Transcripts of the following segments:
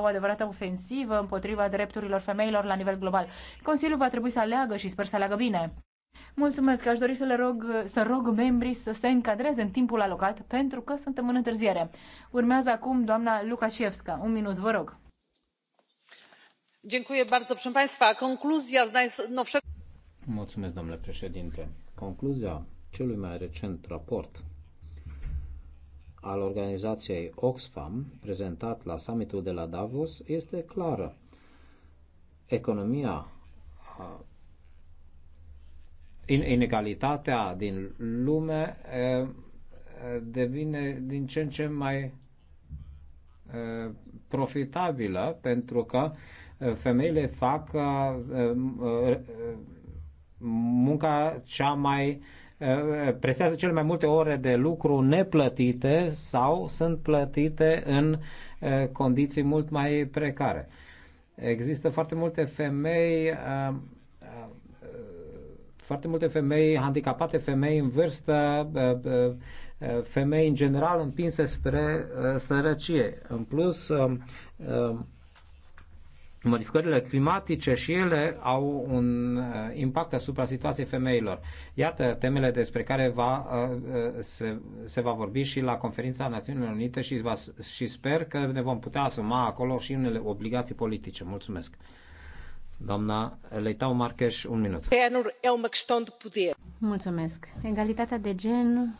o adevărată ofensivă împotriva drepturilor femeilor la nivel global. Consiliul va trebui să aleagă și sper să aleagă bine. Mulțumesc, aș dori să le rog, să rog membrii să se încadreze în timpul alocat, pentru că suntem în întârziere. Urmează acum doamna Lukasiewska. Un minut, vă rog. Mulțumesc, domnule președinte. Concluzia celui mai recent raport al organizației Oxfam, prezentat la summitul de la Davos, este clară. Economia, inegalitatea din lume devine din ce în ce mai profitabilă pentru că femeile fac munca cea mai Eh, prestează cele mai multe ore de lucru neplătite sau sunt plătite în eh, condiții mult mai precare. Există foarte multe femei eh, foarte multe femei handicapate, femei în vârstă, femei în general împinse spre sărăcie. În plus, Modificările climatice și ele au un impact asupra situației femeilor. Iată temele despre care va, se, se va vorbi și la conferința Națiunilor Unite și, va, și sper că ne vom putea asuma acolo și unele obligații politice. Mulțumesc. Doamna Leitau Marcheș, un minut. Mulțumesc. Egalitatea de gen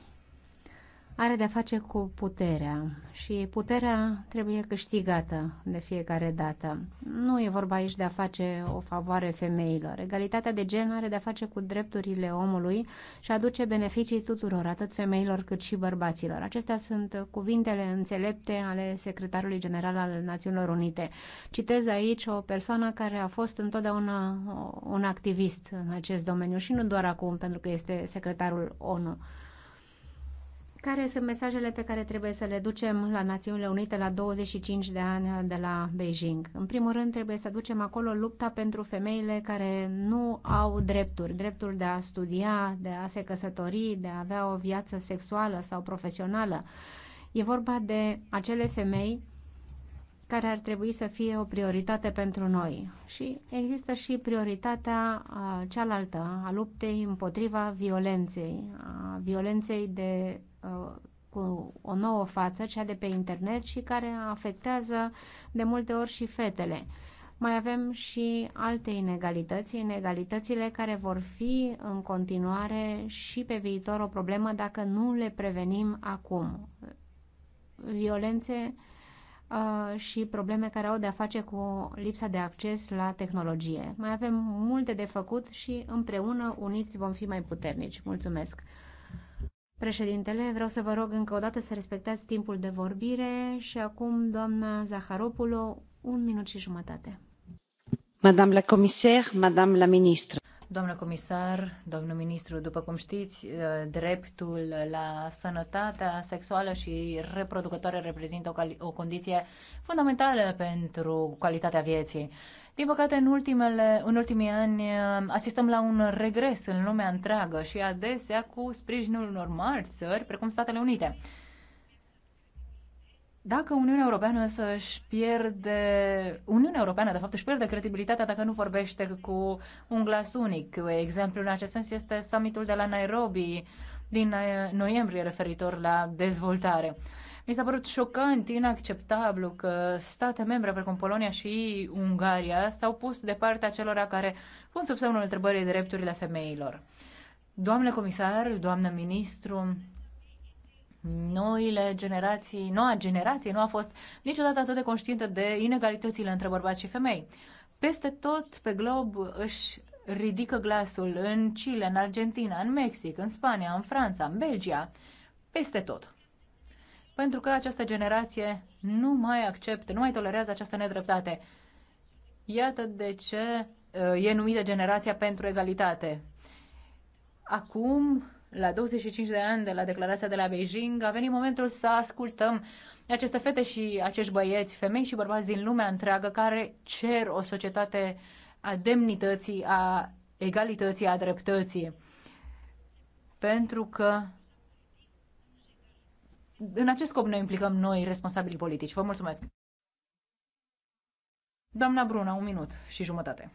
are de-a face cu puterea și puterea trebuie câștigată de fiecare dată. Nu e vorba aici de a face o favoare femeilor. Egalitatea de gen are de-a face cu drepturile omului și aduce beneficii tuturor, atât femeilor cât și bărbaților. Acestea sunt cuvintele înțelepte ale secretarului general al Națiunilor Unite. Citez aici o persoană care a fost întotdeauna un activist în acest domeniu și nu doar acum, pentru că este secretarul ONU care sunt mesajele pe care trebuie să le ducem la Națiunile Unite la 25 de ani de la Beijing? În primul rând, trebuie să ducem acolo lupta pentru femeile care nu au drepturi, dreptul de a studia, de a se căsători, de a avea o viață sexuală sau profesională. E vorba de acele femei care ar trebui să fie o prioritate pentru noi. Și există și prioritatea cealaltă, a luptei împotriva violenței, a violenței de Uh, cu o nouă față, cea de pe internet și care afectează de multe ori și fetele. Mai avem și alte inegalități, inegalitățile care vor fi în continuare și pe viitor o problemă dacă nu le prevenim acum. Violențe uh, și probleme care au de-a face cu lipsa de acces la tehnologie. Mai avem multe de făcut și împreună, uniți, vom fi mai puternici. Mulțumesc! Președintele, vreau să vă rog încă o dată să respectați timpul de vorbire și acum, doamna Zaharopulo, un minut și jumătate. Madame la comisar, madame la ministră. Doamnă comisar, domnul ministru, după cum știți, uh, dreptul la sănătatea sexuală și reproducătoare reprezintă o, o condiție fundamentală pentru calitatea vieții. Din păcate, în, ultimele, în ultimii ani uh, asistăm la un regres în lumea întreagă și adesea cu sprijinul unor mari țări, precum Statele Unite. Dacă Uniunea Europeană să-și pierde... Uniunea Europeană, de fapt, își pierde credibilitatea dacă nu vorbește cu un glas unic. Exemplul în acest sens este summitul de la Nairobi din uh, noiembrie referitor la dezvoltare. Mi s-a părut șocant, inacceptabil că state membre precum Polonia și Ungaria s-au pus de partea celor care pun sub semnul întrebării drepturile femeilor. Doamne comisar, doamnă ministru, noile generații, noua generație nu a fost niciodată atât de conștientă de inegalitățile între bărbați și femei. Peste tot pe glob își ridică glasul în Chile, în Argentina, în Mexic, în Spania, în Franța, în Belgia, peste tot pentru că această generație nu mai acceptă, nu mai tolerează această nedreptate. Iată de ce uh, e numită generația pentru egalitate. Acum, la 25 de ani de la declarația de la Beijing, a venit momentul să ascultăm aceste fete și acești băieți, femei și bărbați din lumea întreagă care cer o societate a demnității, a egalității, a dreptății. Pentru că în acest scop ne implicăm noi, responsabili politici. Vă mulțumesc. Doamna Bruna, un minut și jumătate.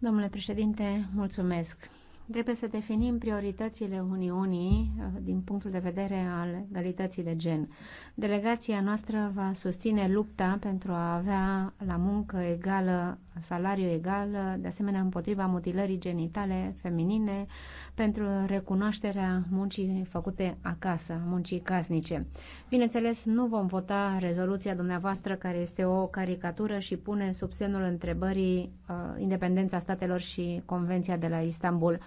Domnule președinte, mulțumesc. Trebuie să definim prioritățile Uniunii uh, din punctul de vedere al egalității de gen. Delegația noastră va susține lupta pentru a avea la muncă egală, salariu egal, de asemenea împotriva mutilării genitale feminine, pentru recunoașterea muncii făcute acasă, muncii casnice. Bineînțeles, nu vom vota rezoluția dumneavoastră care este o caricatură și pune sub semnul întrebării uh, independența statelor și Convenția de la Istanbul.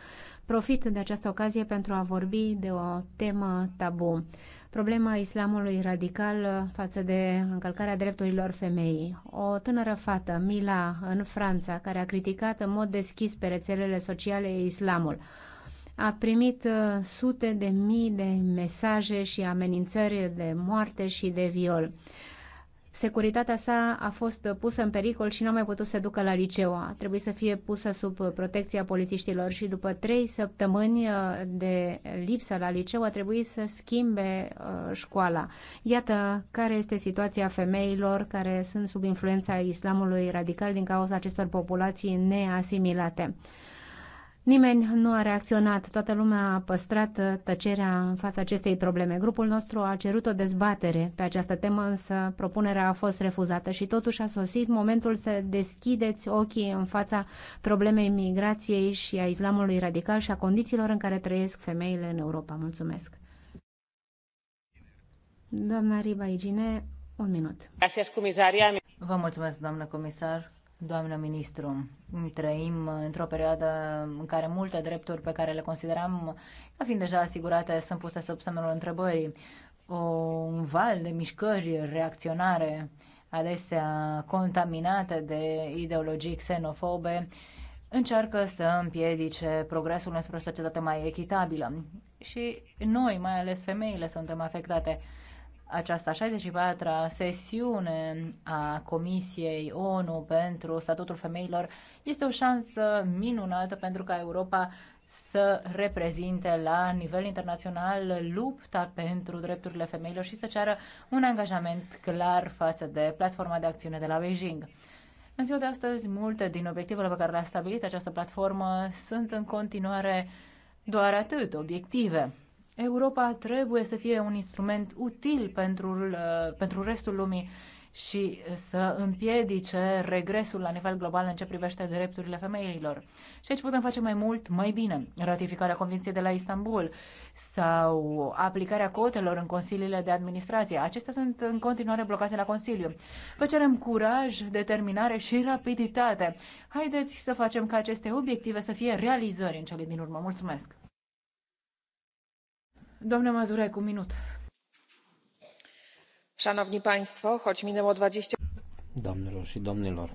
Profit de această ocazie pentru a vorbi de o temă tabu problema islamului radical față de încălcarea drepturilor femeii. O tânără fată, Mila, în Franța, care a criticat în mod deschis pe rețelele sociale islamul a primit uh, sute de mii de mesaje și amenințări de moarte și de viol. Securitatea sa a fost pusă în pericol și n-a mai putut să se ducă la liceu. A trebuit să fie pusă sub protecția polițiștilor și după trei săptămâni uh, de lipsă la liceu a trebuit să schimbe uh, școala. Iată care este situația femeilor care sunt sub influența islamului radical din cauza acestor populații neasimilate. Nimeni nu a reacționat, toată lumea a păstrat uh, tăcerea în fața acestei probleme. Grupul nostru a cerut o dezbatere pe această temă, însă propunerea a fost refuzată și totuși a sosit momentul să deschideți ochii în fața problemei migrației și a islamului radical și a condițiilor în care trăiesc femeile în Europa. Mulțumesc! Doamna Riba Igine, un minut. Vă mulțumesc, doamnă comisar. Doamnă ministru, trăim într-o perioadă în care multe drepturi pe care le consideram ca fiind deja asigurate sunt puse sub semnul întrebării. O, un val de mișcări reacționare, adesea contaminate de ideologii xenofobe, încearcă să împiedice progresul înspre o societate mai echitabilă. Și noi, mai ales femeile, suntem afectate această 64-a sesiune a Comisiei ONU pentru statutul femeilor este o șansă minunată pentru ca Europa să reprezinte la nivel internațional lupta pentru drepturile femeilor și să ceară un angajament clar față de platforma de acțiune de la Beijing. În ziua de astăzi, multe din obiectivele pe care le-a stabilit această platformă sunt în continuare doar atât, obiective. Europa trebuie să fie un instrument util pentru, uh, pentru restul lumii și să împiedice regresul la nivel global în ce privește drepturile femeilor. Și aici putem face mai mult, mai bine. Ratificarea Convenției de la Istanbul sau aplicarea cotelor în consiliile de administrație. Acestea sunt în continuare blocate la Consiliu. Vă cerem curaj, determinare și rapiditate. Haideți să facem ca aceste obiective să fie realizări în cele din urmă. Mulțumesc! Domnule mazurek un minut. Szanowni Państwo, choć minęło 20... Doamnelor și domnilor,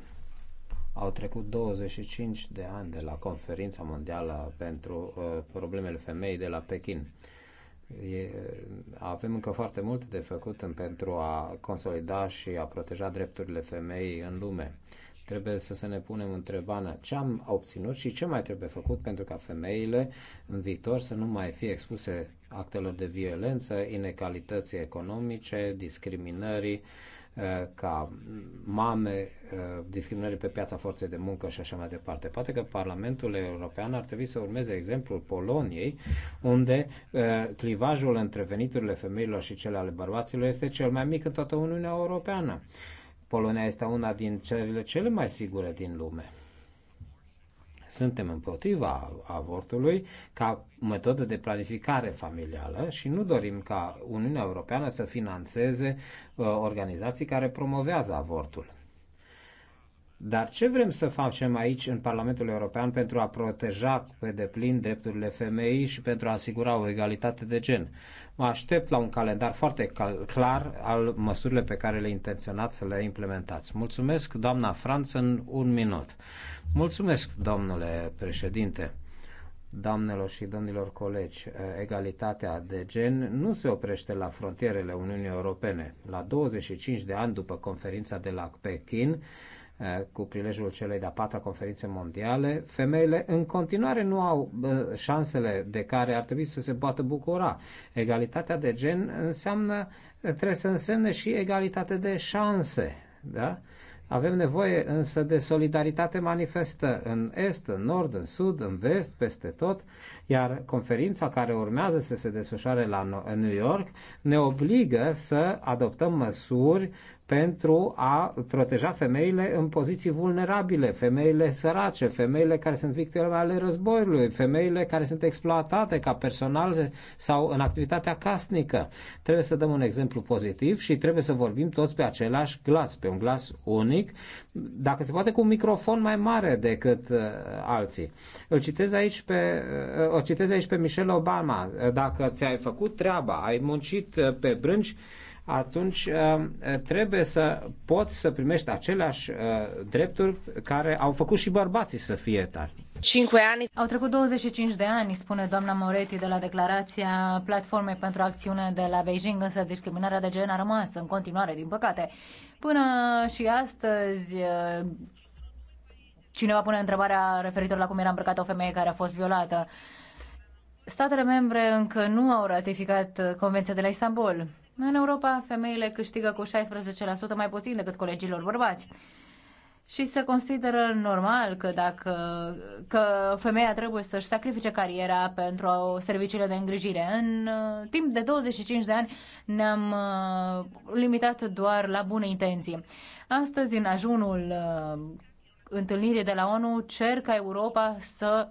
au trecut 25 de ani de la conferința mondială pentru uh, problemele femeii de la Pekin. E, avem încă foarte multe de făcut în, pentru a consolida și a proteja drepturile femeii în lume. Trebuie să, se ne punem întrebarea ce am obținut și ce mai trebuie făcut pentru ca femeile în viitor să nu mai fie expuse actelor de violență, inegalității economice, discriminării eh, ca mame, eh, discriminării pe piața forței de muncă și așa mai departe. Poate că Parlamentul European ar trebui să urmeze exemplul Poloniei, unde eh, clivajul între veniturile femeilor și cele ale bărbaților este cel mai mic în toată Uniunea Europeană. Polonia este una din țările cele mai sigure din lume. Suntem împotriva avortului ca metodă de planificare familială și nu dorim ca Uniunea Europeană să financeze uh, organizații care promovează avortul dar ce vrem să facem aici în Parlamentul European pentru a proteja pe deplin drepturile femeii și pentru a asigura o egalitate de gen? Mă aștept la un calendar foarte clar al măsurile pe care le intenționați să le implementați. Mulțumesc, doamna Franț, în un minut. Mulțumesc, domnule președinte doamnelor și domnilor colegi, egalitatea de gen nu se oprește la frontierele Uniunii Europene. La 25 de ani după conferința de la Pekin, Eh, cu prilejul celei de-a patra conferințe mondiale, femeile în continuare nu au șansele de care ar trebui să se poată bucura. Egalitatea de gen înseamnă, trebuie să însemne și egalitate de șanse. Da? Avem nevoie însă de solidaritate manifestă în est, în nord, în sud, în vest, peste tot, iar conferința care urmează să se desfășoare la New York ne obligă să adoptăm măsuri pentru a proteja femeile în poziții vulnerabile, femeile sărace, femeile care sunt victime ale războiului, femeile care sunt exploatate ca personal sau în activitatea casnică. Trebuie să dăm un exemplu pozitiv și trebuie să vorbim toți pe același glas, pe un glas unic, dacă se poate cu un microfon mai mare decât uh, alții. Îl citez aici pe, uh, o citez aici pe Michelle Obama. Dacă ți-ai făcut treaba, ai muncit uh, pe brânci, uh, atunci uh, trebuie să poți să primești aceleași uh, drepturi care au făcut și bărbații să fie tari. 5 ani. Au trecut 25 de ani, spune doamna Moretti de la declarația Platformei pentru Acțiune de la Beijing, însă discriminarea de gen a rămas în continuare, din păcate. Până și astăzi, cineva pune întrebarea referitor la cum era îmbrăcată o femeie care a fost violată. Statele membre încă nu au ratificat Convenția de la Istanbul. În Europa, femeile câștigă cu 16% mai puțin decât colegilor bărbați. Și se consideră normal că dacă că femeia trebuie să-și sacrifice cariera pentru serviciile de îngrijire. În uh, timp de 25 de ani ne-am uh, limitat doar la bune intenții. Astăzi, în ajunul uh, întâlnirii de la ONU, cer ca Europa să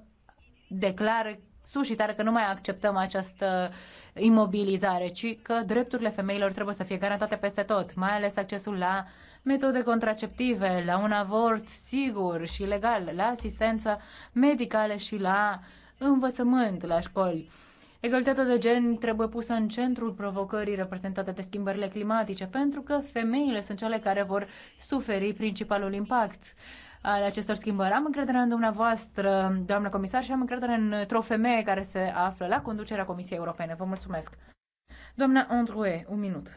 declare sus și tare că nu mai acceptăm această imobilizare, ci că drepturile femeilor trebuie să fie garantate peste tot, mai ales accesul la metode contraceptive, la un avort sigur și legal, la asistență medicală și la învățământ la școli. Egalitatea de gen trebuie pusă în centrul provocării reprezentate de schimbările climatice, pentru că femeile sunt cele care vor suferi principalul impact ale acestor schimbări. Am încredere în dumneavoastră, doamnă comisar, și am încredere într-o femeie care se află la conducerea Comisiei Europene. Vă mulțumesc. Doamna Andrue, un minut.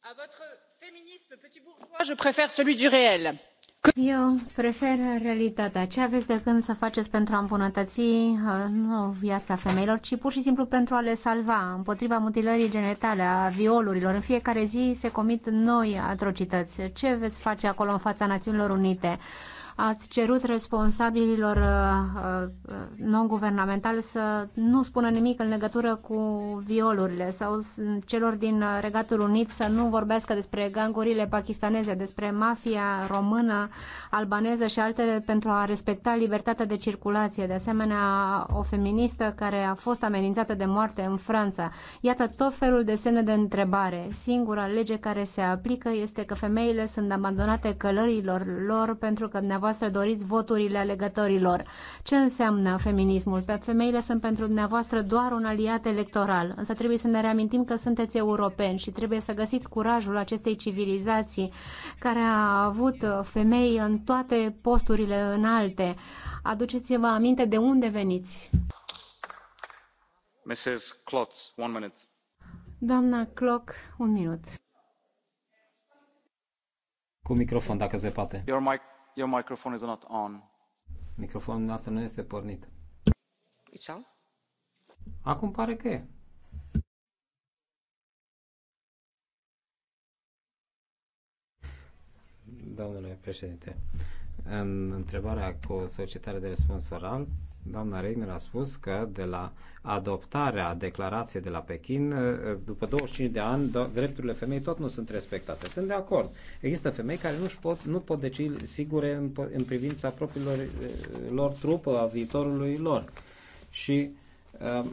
A votre féminisme petit bourgeois, je préfère celui du réel eu prefer realitatea. Ce aveți de gând să faceți pentru a îmbunătăți uh, nu viața femeilor, ci pur și simplu pentru a le salva împotriva mutilării genitale, a violurilor. În fiecare zi se comit noi atrocități. Ce veți face acolo în fața Națiunilor Unite? ați cerut responsabililor uh, uh, non-guvernamentali să nu spună nimic în legătură cu violurile sau celor din uh, Regatul Unit să nu vorbească despre gangurile pakistaneze, despre mafia română, albaneză și altele pentru a respecta libertatea de circulație. De asemenea, o feministă care a fost amenințată de moarte în Franța. Iată tot felul de semne de întrebare. Singura lege care se aplică este că femeile sunt abandonate călărilor lor pentru că ne dumneavoastră doriți voturile alegătorilor. Ce înseamnă feminismul? Pe femeile sunt pentru dumneavoastră doar un aliat electoral, însă trebuie să ne reamintim că sunteți europeni și trebuie să găsiți curajul acestei civilizații care a avut femei în toate posturile înalte. Aduceți-vă aminte de unde veniți. Mrs. Klotz, one minute. Doamna Cloc, un minut. Cu microfon, dacă se poate. Your mic Your microphone is not on. Microfonul nostru nu este pornit. It's on? Acum pare că e. Domnule președinte, în întrebarea cu solicitare de răspuns oral, Doamna Regner a spus că de la adoptarea declarației de la Pekin, eh, după 25 de ani, drepturile femei tot nu sunt respectate. Sunt de acord. Există femei care nu, pot, nu pot deci sigure în, în privința propriilor eh, lor trupă, a viitorului lor. Și uh,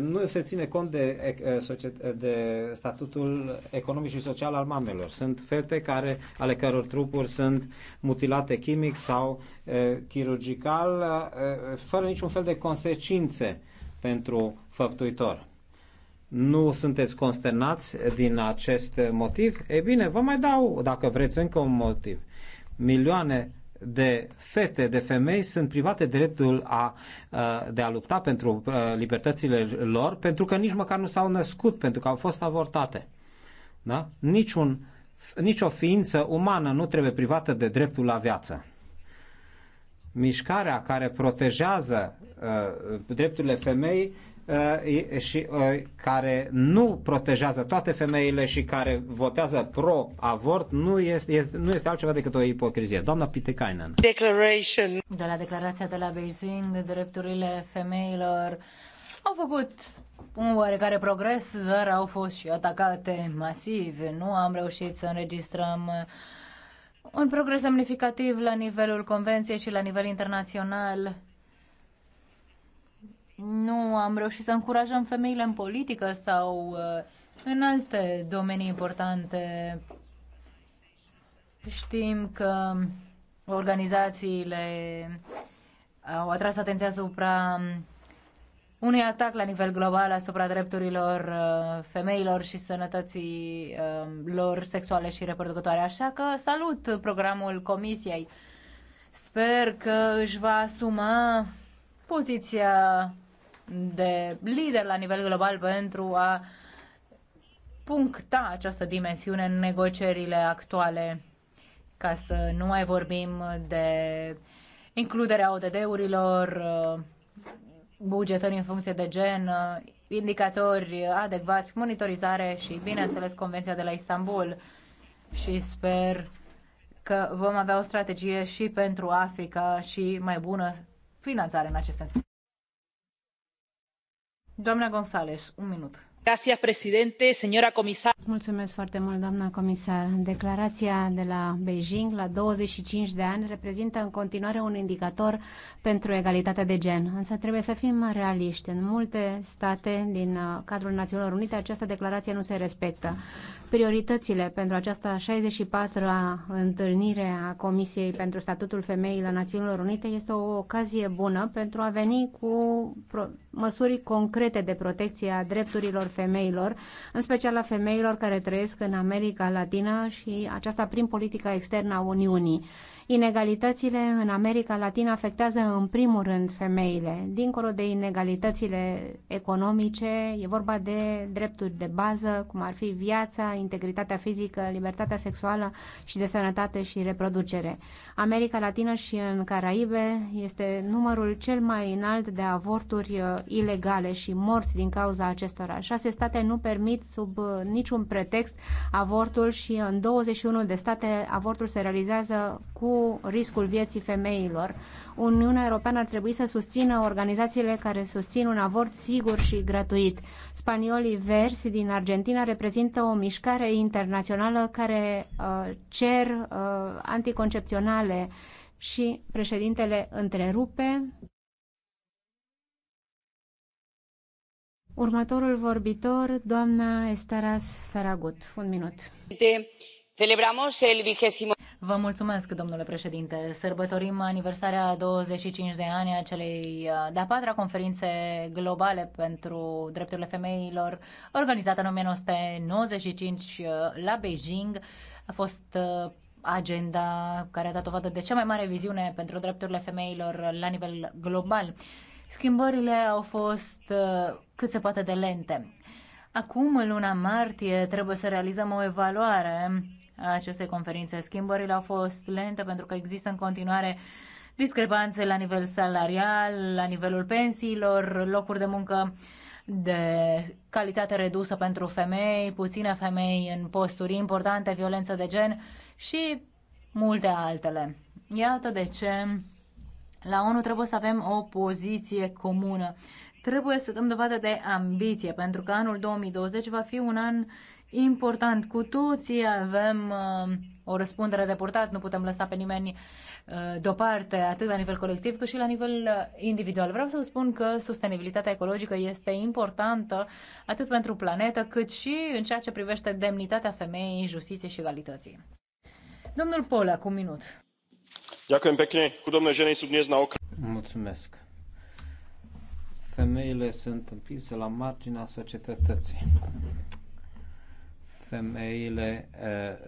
nu se ține cont de, eh, eh, de statutul economic și social al mamelor. Sunt fete care, ale căror trupuri sunt mutilate chimic sau eh, chirurgical, fără niciun fel de consecințe pentru făptuitor. Nu sunteți consternați din acest motiv? E bine, vă mai dau, dacă vreți, încă un motiv. Milioane de fete, de femei sunt private dreptul a, de a lupta pentru libertățile lor, pentru că nici măcar nu s-au născut, pentru că au fost avortate. Da? Niciun, nicio ființă umană nu trebuie privată de dreptul la viață. Mișcarea care protejează uh, drepturile femei Uh, și uh, care nu protejează toate femeile și care votează pro-avort nu este, nu este altceva decât o ipocrizie. Doamna Pitecainen. Declaration. De la declarația de la Beijing, drepturile femeilor au făcut un oarecare progres, dar au fost și atacate masiv. Nu am reușit să înregistrăm un progres semnificativ la nivelul convenției și la nivel internațional nu am reușit să încurajăm femeile în politică sau uh, în alte domenii importante. Știm că organizațiile au atras atenția asupra unui atac la nivel global asupra drepturilor uh, femeilor și sănătății uh, lor sexuale și reproducătoare. Așa că salut programul Comisiei. Sper că își va asuma poziția de lider la nivel global pentru a puncta această dimensiune în negocierile actuale, ca să nu mai vorbim de includerea ODD-urilor, bugetări în funcție de gen, indicatori adecvați, monitorizare și, bineînțeles, Convenția de la Istanbul. Și sper că vom avea o strategie și pentru Africa și mai bună finanțare în acest sens. Doamna González, un minut. Gracias, presidente, señora comisar. Mulțumesc foarte mult, doamna comisar. Declarația de la Beijing la 25 de ani reprezintă în continuare un indicator pentru egalitatea de gen. Însă trebuie să fim realiști. În multe state din uh, cadrul Națiunilor Unite această declarație nu se respectă prioritățile pentru această 64-a întâlnire a Comisiei pentru Statutul Femeii la Națiunilor Unite este o ocazie bună pentru a veni cu măsuri concrete de protecție a drepturilor femeilor, în special a femeilor care trăiesc în America Latină și aceasta prin politica externă a Uniunii. Inegalitățile în America Latină afectează în primul rând femeile. Dincolo de inegalitățile economice, e vorba de drepturi de bază, cum ar fi viața, integritatea fizică, libertatea sexuală și de sănătate și reproducere. America Latină și în Caraibe este numărul cel mai înalt de avorturi uh, ilegale și morți din cauza acestora. Șase state nu permit sub uh, niciun pretext avortul și în 21 de state avortul se realizează cu riscul vieții femeilor. Uniunea Europeană ar trebui să susțină organizațiile care susțin un avort sigur și gratuit. Spaniolii Versi din Argentina reprezintă o mișcare internațională care uh, cer uh, anticoncepționale și președintele întrerupe. Următorul vorbitor, doamna Estaras Feragut. Un minut. De Celebramos el vigésimo. Vă mulțumesc, domnule președinte. Sărbătorim aniversarea 25 de ani a celei de-a patra conferințe globale pentru drepturile femeilor, organizată în 1995 la Beijing. A fost agenda care a dat o vadă de cea mai mare viziune pentru drepturile femeilor la nivel global. Schimbările au fost cât se poate de lente. Acum, în luna martie, trebuie să realizăm o evaluare aceste conferințe. Schimbările au fost lente pentru că există în continuare discrepanțe la nivel salarial, la nivelul pensiilor, locuri de muncă de calitate redusă pentru femei, puține femei în posturi importante, violență de gen și multe altele. Iată de ce la ONU trebuie să avem o poziție comună. Trebuie să dăm dovadă de ambiție, pentru că anul 2020 va fi un an important. Cu toții avem uh, o răspundere de purtat, nu putem lăsa pe nimeni uh, deoparte, atât la nivel colectiv cât și la nivel uh, individual. Vreau să vă spun că sustenabilitatea ecologică este importantă atât pentru planetă, cât și în ceea ce privește demnitatea femeii, justiție și egalității. Domnul Pola, cu un minut. Dacă pekne. cu domnul sú dnes na okra... Mulțumesc. Femeile sunt împinse la marginea societății femeile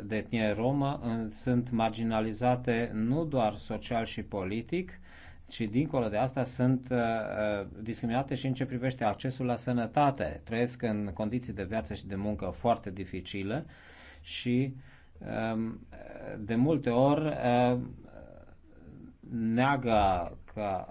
de etnie romă sunt marginalizate nu doar social și politic, ci dincolo de asta sunt discriminate și în ce privește accesul la sănătate. Trăiesc în condiții de viață și de muncă foarte dificile și de multe ori neagă că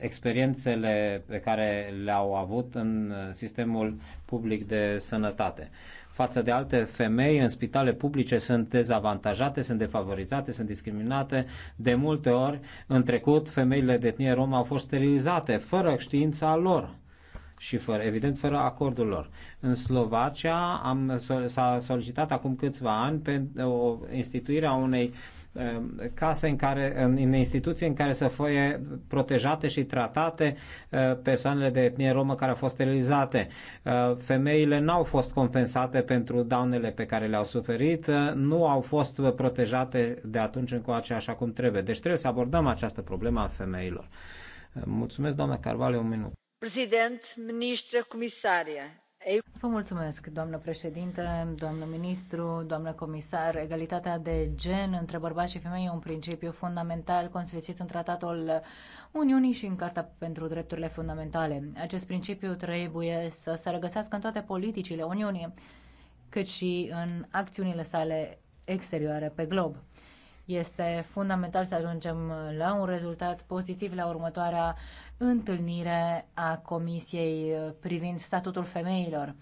experiențele pe care le-au avut în sistemul public de sănătate. Față de alte femei în spitale publice sunt dezavantajate, sunt defavorizate, sunt discriminate. De multe ori, în trecut, femeile de etnie romă au fost sterilizate fără știința lor și fără, evident fără acordul lor. În Slovacia am, s-a solicitat acum câțiva ani pe o instituire a unei uh, Um, case în care, în instituții în care să fie protejate și tratate uh, persoanele de etnie romă care au fost sterilizate. Uh, femeile n-au fost compensate pentru daunele pe care le-au suferit, uh, nu au fost protejate de atunci încoace așa cum trebuie. Deci trebuie să abordăm această problemă a femeilor. Mulțumesc, doamna Carvalho, un minut. Prezident, ministră, comisarie Vă mulțumesc, doamnă președinte, doamnă ministru, doamnă comisar. Egalitatea de gen între bărbați și femei e un principiu fundamental consfințit în Tratatul Uniunii și în Carta pentru Drepturile Fundamentale. Acest principiu trebuie să se regăsească în toate politicile Uniunii, cât și în acțiunile sale exterioare pe glob. Este fundamental să ajungem la un rezultat pozitiv la următoarea întâlnire a Comisiei privind statutul femeilor.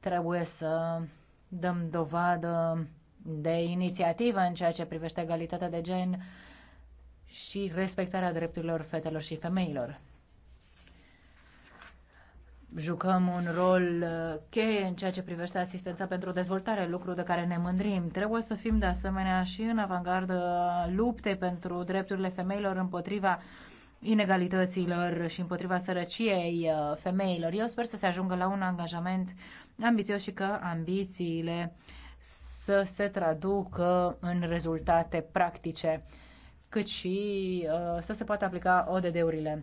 Trebuie să dăm dovadă de inițiativă în ceea ce privește egalitatea de gen și respectarea drepturilor fetelor și femeilor jucăm un rol uh, cheie în ceea ce privește asistența pentru dezvoltare, lucru de care ne mândrim. Trebuie să fim de asemenea și în avangardă luptei pentru drepturile femeilor împotriva inegalităților și împotriva sărăciei uh, femeilor. Eu sper să se ajungă la un angajament ambițios și că ambițiile să se traducă în rezultate practice, cât și uh, să se poată aplica ODD-urile.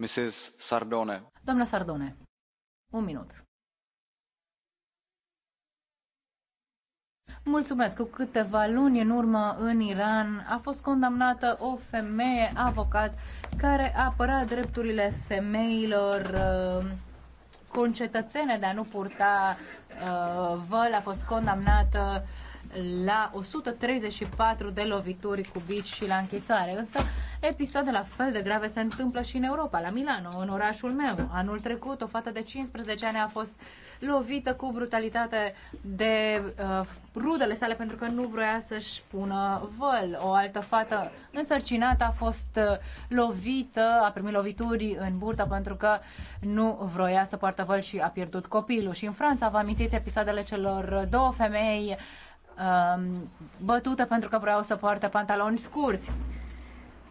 Mrs. Sardone. Doamna Sardone, un minut. Mulțumesc. Cu câteva luni în urmă în Iran a fost condamnată o femeie avocat care apăra drepturile femeilor uh, concetățene de a nu purta uh, văl. A fost condamnată la 134 de lovituri cu bici și la închisoare. Însă episoade la fel de grave se întâmplă și în Europa, la Milano, în orașul meu. Anul trecut, o fată de 15 ani a fost lovită cu brutalitate de uh, rudele sale pentru că nu vroia să-și pună văl. O altă fată însărcinată a fost uh, lovită, a primit lovituri în burtă pentru că nu vroia să poartă văl și a pierdut copilul. Și în Franța, vă amintiți episoadele celor două femei um, bătută pentru că vreau să poartă pantaloni scurți.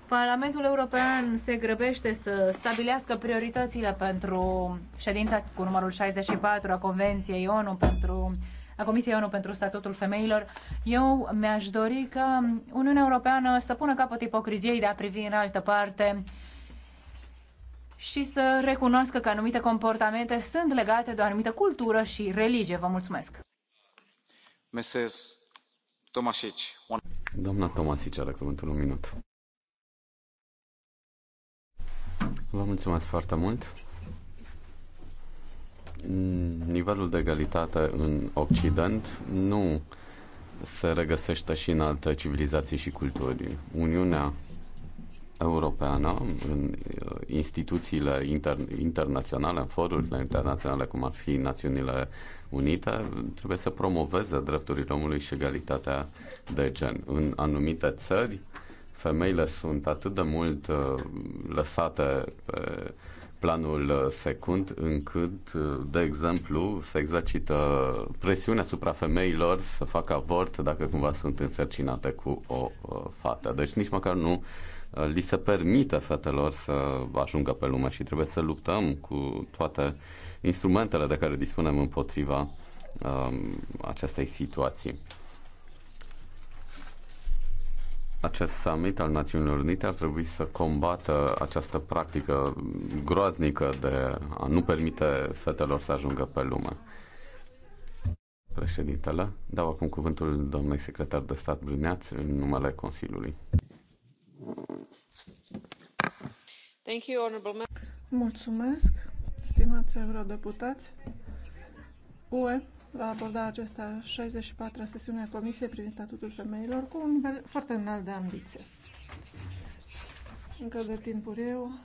Parlamentul European se grăbește să stabilească prioritățile pentru ședința cu numărul 64 a Convenției ONU pentru a Comisiei ONU pentru Statutul Femeilor. Eu mi-aș dori ca Uniunea Europeană să pună capăt ipocriziei de a privi în altă parte și să recunoască că anumite comportamente sunt legate de o anumită cultură și religie. Vă mulțumesc! Vă mulțumesc foarte mult. Nivelul de egalitate în Occident nu se regăsește și în alte civilizații și culturi. Uniunea europeană, în uh, instituțiile inter- internaționale, în forurile internaționale, cum ar fi Națiunile Unite, trebuie să promoveze drepturile omului și egalitatea de gen. În anumite țări, femeile sunt atât de mult uh, lăsate pe planul uh, secund, încât, de exemplu, se exercită presiunea asupra femeilor să facă avort dacă cumva sunt însărcinate cu o fată. Deci nici măcar nu li se permite fetelor să ajungă pe lume și trebuie să luptăm cu toate instrumentele de care dispunem împotriva uh, acestei situații. Acest summit al Națiunilor Unite ar trebui să combată această practică groaznică de a nu permite fetelor să ajungă pe lume. Președintele, dau acum cuvântul domnului secretar de stat Brâneaț în numele Consiliului. Mulțumesc, stimați eurodeputați. UE va aborda acesta 64-a sesiune a Comisiei privind statutul femeilor cu un nivel foarte înalt de ambiție. Încă de timpuriu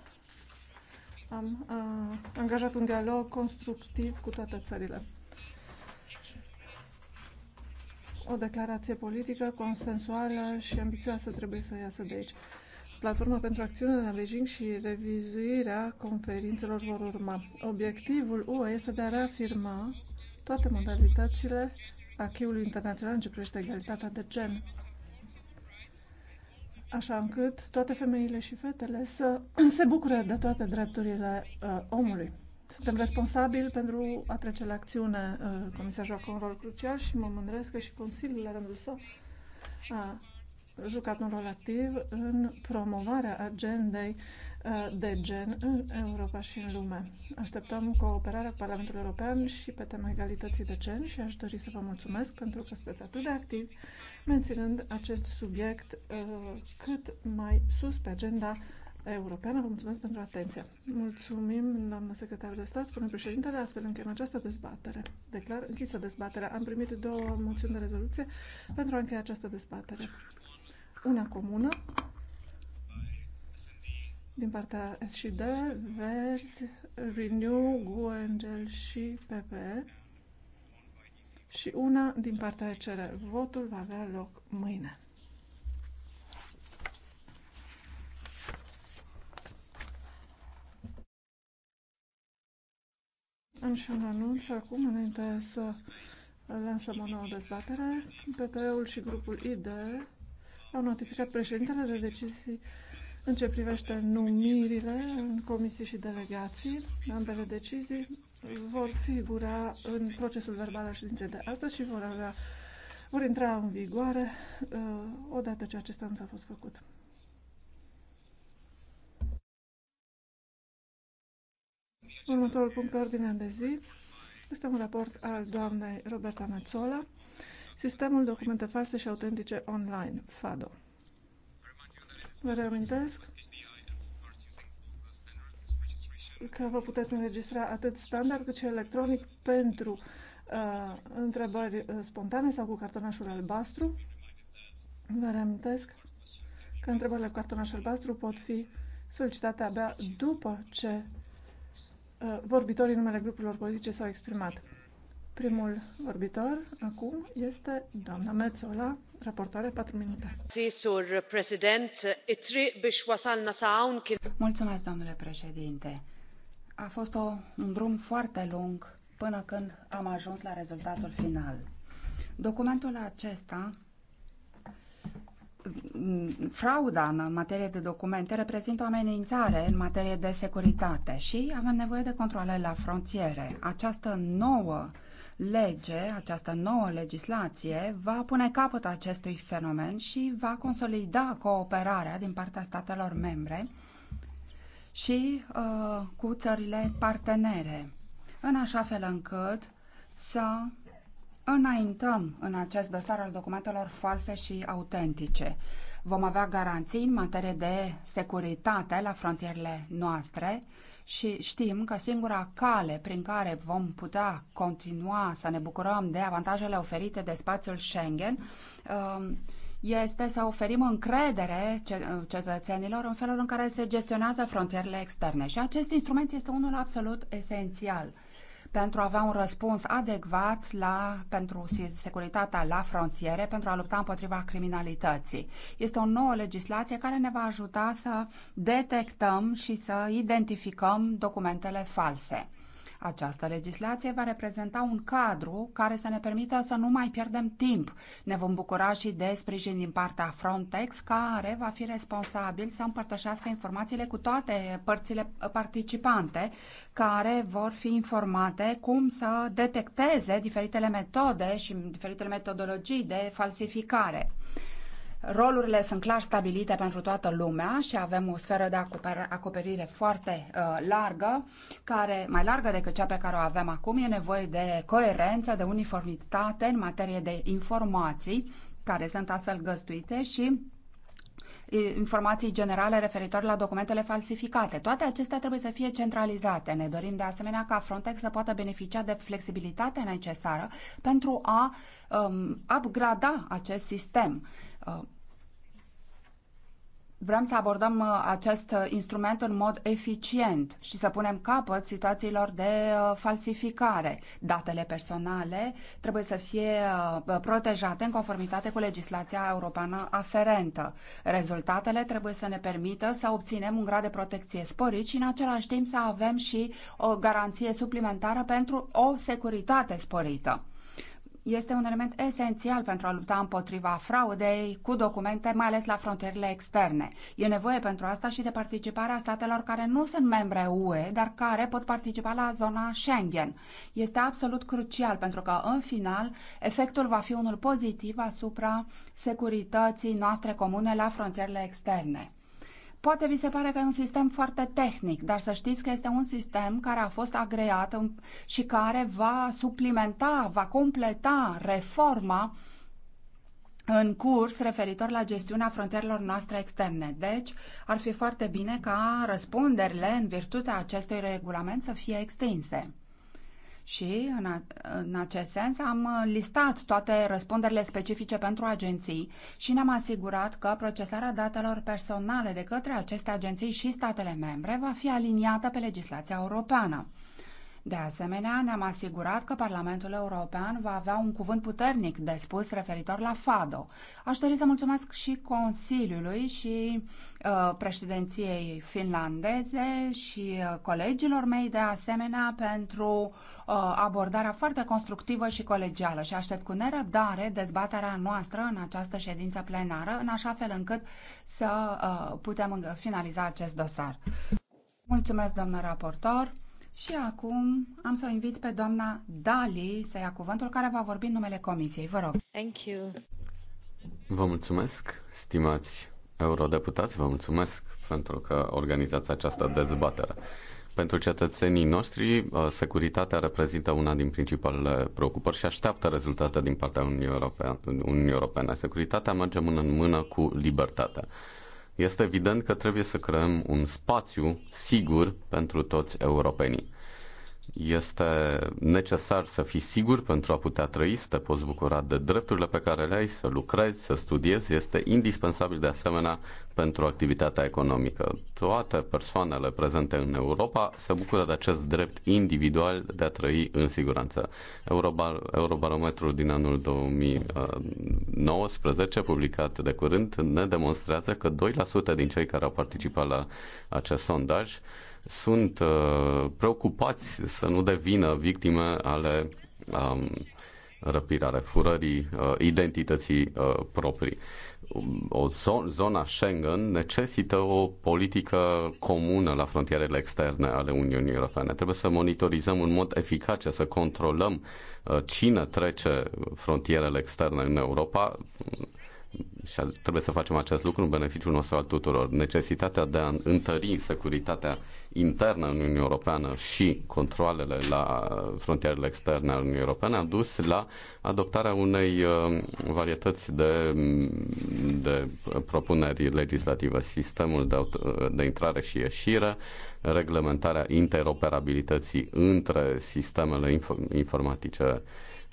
am a, angajat un dialog constructiv cu toate țările. O declarație politică, consensuală și ambițioasă trebuie să iasă de aici. Platforma pentru acțiune de la Beijing și revizuirea conferințelor vor urma. Obiectivul UE este de a reafirma toate modalitățile acheului internațional în ce privește egalitatea de gen, așa încât toate femeile și fetele să se bucure de toate drepturile uh, omului. Suntem responsabili pentru a trece la acțiune. Uh, comisia joacă un rol crucial și mă mândresc că și Consiliul, la rândul său, a jucat un rol activ în promovarea agendei uh, de gen în Europa și în lume. Așteptăm cooperarea cu Parlamentul European și pe tema egalității de gen și aș dori să vă mulțumesc pentru că sunteți atât de activ, menținând acest subiect uh, cât mai sus pe agenda Europeană. Vă mulțumesc pentru atenție. Mulțumim, doamnă secretar de stat, spune președintele, astfel încheiem această dezbatere. Declar închisă dezbaterea. Am primit două moțiuni de rezoluție pentru a încheia această dezbatere. Una comună din partea SCD, Verzi, Renew, Guengel și PPE și una din partea ECR. Votul va avea loc mâine. Am și un anunț acum, înainte să lansăm o nouă dezbatere. PPE-ul și grupul ID au notificat președintele de decizii în ce privește numirile în comisii și delegații. Ambele decizii vor figura în procesul verbal al ședinței de astăzi și vor avea vor intra în vigoare uh, odată ce acest anunț a fost făcut. Următorul punct pe ordinea de zi este un raport al doamnei Roberta Mazzola, Sistemul documente false și autentice online, FADO. Vă reamintesc că vă puteți înregistra atât standard cât și electronic pentru uh, întrebări uh, spontane sau cu cartonașul albastru. Vă reamintesc că întrebările cu cartonașul albastru pot fi solicitate abia după ce vorbitorii numele grupurilor politice s-au exprimat. Primul vorbitor acum este doamna Metzola, raportoare, 4 minute. Mulțumesc, domnule președinte. A fost o, un drum foarte lung până când am ajuns la rezultatul final. Documentul acesta frauda în materie de documente reprezintă o amenințare în materie de securitate și avem nevoie de controle la frontiere. Această nouă lege, această nouă legislație va pune capăt acestui fenomen și va consolida cooperarea din partea statelor membre și uh, cu țările partenere, în așa fel încât să înaintăm în acest dosar al documentelor false și autentice. Vom avea garanții în materie de securitate la frontierele noastre și știm că singura cale prin care vom putea continua să ne bucurăm de avantajele oferite de spațiul Schengen um, este să oferim încredere cetățenilor în felul în care se gestionează frontierele externe. Și acest instrument este unul absolut esențial pentru a avea un răspuns adecvat la, pentru securitatea la frontiere, pentru a lupta împotriva criminalității. Este o nouă legislație care ne va ajuta să detectăm și să identificăm documentele false. Această legislație va reprezenta un cadru care să ne permită să nu mai pierdem timp. Ne vom bucura și de sprijin din partea Frontex, care va fi responsabil să împărtășească informațiile cu toate părțile participante, care vor fi informate cum să detecteze diferitele metode și diferitele metodologii de falsificare. Rolurile sunt clar stabilite pentru toată lumea și avem o sferă de acoperire foarte uh, largă, care mai largă decât cea pe care o avem acum. E nevoie de coerență, de uniformitate în materie de informații care sunt astfel găstuite și informații generale referitor la documentele falsificate. Toate acestea trebuie să fie centralizate. Ne dorim de asemenea ca Frontex să poată beneficia de flexibilitatea necesară pentru a um, upgrada acest sistem. Uh, Vrem să abordăm uh, acest uh, instrument în mod eficient și să punem capăt situațiilor de uh, falsificare. Datele personale trebuie să fie protejate în conformitate cu legislația europeană aferentă. Rezultatele trebuie să ne permită să obținem un grad de protecție sporit și în același timp să avem și o garanție suplimentară pentru o securitate sporită este un element esențial pentru a lupta împotriva fraudei cu documente, mai ales la frontierele externe. E nevoie pentru asta și de participarea statelor care nu sunt membre UE, dar care pot participa la zona Schengen. Este absolut crucial pentru că, în final, efectul va fi unul pozitiv asupra securității noastre comune la frontierele externe. Poate vi se pare că e un sistem foarte tehnic, dar să știți că este un sistem care a fost agreat și care va suplimenta, va completa reforma în curs referitor la gestiunea frontierelor noastre externe. Deci, ar fi foarte bine ca răspunderile în virtutea acestui regulament să fie extinse. Și în, a, în acest sens am listat toate răspunderile specifice pentru agenții și ne-am asigurat că procesarea datelor personale de către aceste agenții și statele membre va fi aliniată pe legislația europeană. De asemenea, ne-am asigurat că Parlamentul European va avea un cuvânt puternic de spus referitor la FADO. Aș dori să mulțumesc și Consiliului și uh, președinției finlandeze și uh, colegilor mei de asemenea pentru uh, abordarea foarte constructivă și colegială și aștept cu nerăbdare dezbaterea noastră în această ședință plenară, în așa fel încât să uh, putem uh, finaliza acest dosar. Mulțumesc, domnul raportor. Și acum am să o invit pe doamna Dali să ia cuvântul care va vorbi în numele Comisiei. Vă rog. Thank you. Vă mulțumesc, stimați eurodeputați, vă mulțumesc pentru că organizați această dezbatere. Pentru cetățenii noștri, uh, securitatea reprezintă una din principalele preocupări și așteaptă rezultate din partea Uniunii Europene. Securitatea merge mână în mână cu libertatea. Este evident că trebuie să creăm un spațiu sigur pentru toți europenii este necesar să fii sigur pentru a putea trăi, să te poți bucura de drepturile pe care le ai, să lucrezi, să studiezi, este indispensabil de asemenea pentru activitatea economică. Toate persoanele prezente în Europa se bucură de acest drept individual de a trăi în siguranță. Eurobar- Eurobarometrul din anul 2019, uh, publicat de curând, ne demonstrează că 2% din cei care au participat la acest sondaj sunt uh, preocupați să nu devină victime ale um, răpirii, furării uh, identității uh, proprii. O zon, zona Schengen necesită o politică comună la frontierele externe ale Uniunii Europene. Trebuie să monitorizăm în mod eficace, să controlăm uh, cine trece frontierele externe în Europa și trebuie să facem acest lucru în beneficiul nostru al tuturor. Necesitatea de a întări securitatea internă în Uniunea Europeană și controlele la frontierele externe ale Uniunii Europene a dus la adoptarea unei uh, varietăți de, de propuneri legislative. Sistemul de, uh, de intrare și ieșire, reglementarea interoperabilității între sistemele inform- informatice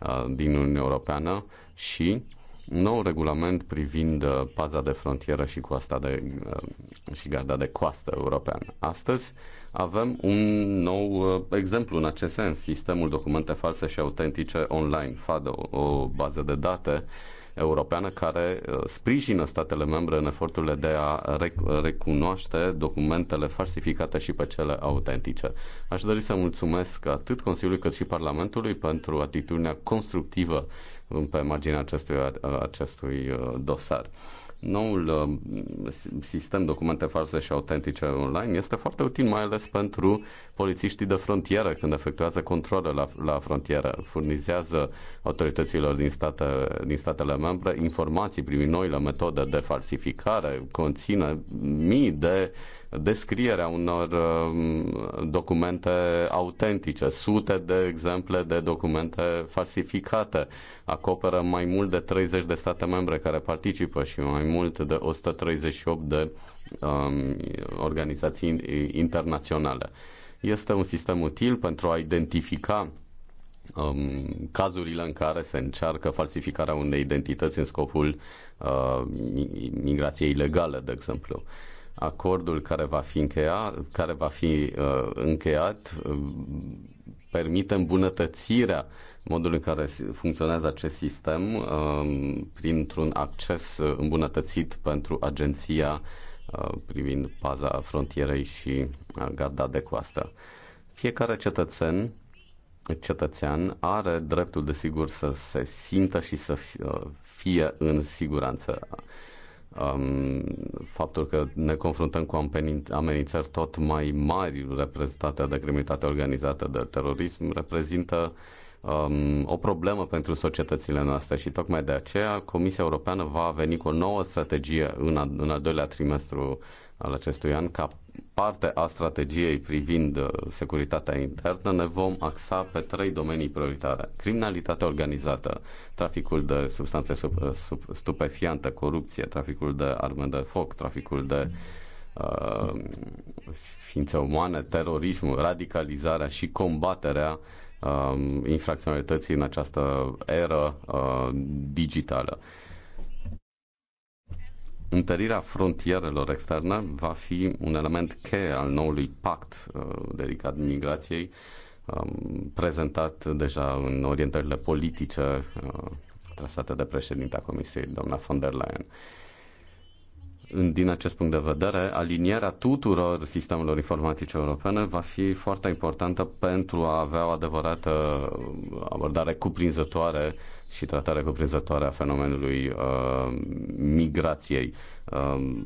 uh, din Uniunea Europeană și nou regulament privind uh, paza de frontieră și, coasta de, uh, și garda de coastă europeană. Astăzi avem un nou uh, exemplu în acest sens, sistemul documente false și autentice online, FADO, o bază de date europeană care sprijină statele membre în eforturile de a recunoaște documentele falsificate și pe cele autentice. Aș dori să mulțumesc atât Consiliului cât și Parlamentului pentru atitudinea constructivă pe marginea acestui, acestui uh, dosar. Noul uh, sistem documente false și autentice online este foarte util, mai ales pentru polițiștii de frontieră când efectuează controle la, la frontieră. Furnizează autorităților din, state, din statele membre informații privind noile metode de falsificare, conține mii de uh, descrierea unor um, documente autentice, sute de exemple de documente falsificate. Acoperă mai mult de 30 de state membre care participă și mai mult de 138 de um, organizații internaționale. Este un sistem util pentru a identifica um, cazurile în care se încearcă falsificarea unei identități în scopul uh, migrației ilegale, de exemplu. Uh, Acordul care va fi încheiat, care va fi uh, încheiat uh, permite îmbunătățirea modului în care funcționează acest sistem uh, printr-un acces îmbunătățit pentru agenția uh, privind paza frontierei și uh, garda de coastă. Fiecare cetățen cetățean are dreptul, de sigur să se simtă și să uh, fie în siguranță um, faptul că ne confruntăm cu amenințări tot mai mari reprezentate de criminalitate organizată de terorism reprezintă um, o problemă pentru societățile noastre și tocmai de aceea Comisia Europeană va veni cu o nouă strategie în, a, în al doilea trimestru al acestui an, ca parte a strategiei privind uh, securitatea internă, ne vom axa pe trei domenii prioritare. Criminalitatea organizată, traficul de substanțe sub, uh, sub, stupefiante, corupție, traficul de arme de foc, traficul de uh, ființe umane, terorismul, radicalizarea și combaterea uh, infracționalității în această eră uh, digitală. Uh, Întărirea frontierelor externe va fi un element cheie al noului pact uh, dedicat migrației, um, prezentat deja în orientările politice uh, trasate de președinta Comisiei, doamna von der Leyen din acest punct de vedere, alinierea tuturor sistemelor informatice europene va fi foarte importantă pentru a avea o adevărată abordare cuprinzătoare și tratarea cuprinzătoare a fenomenului uh, migrației. Uh,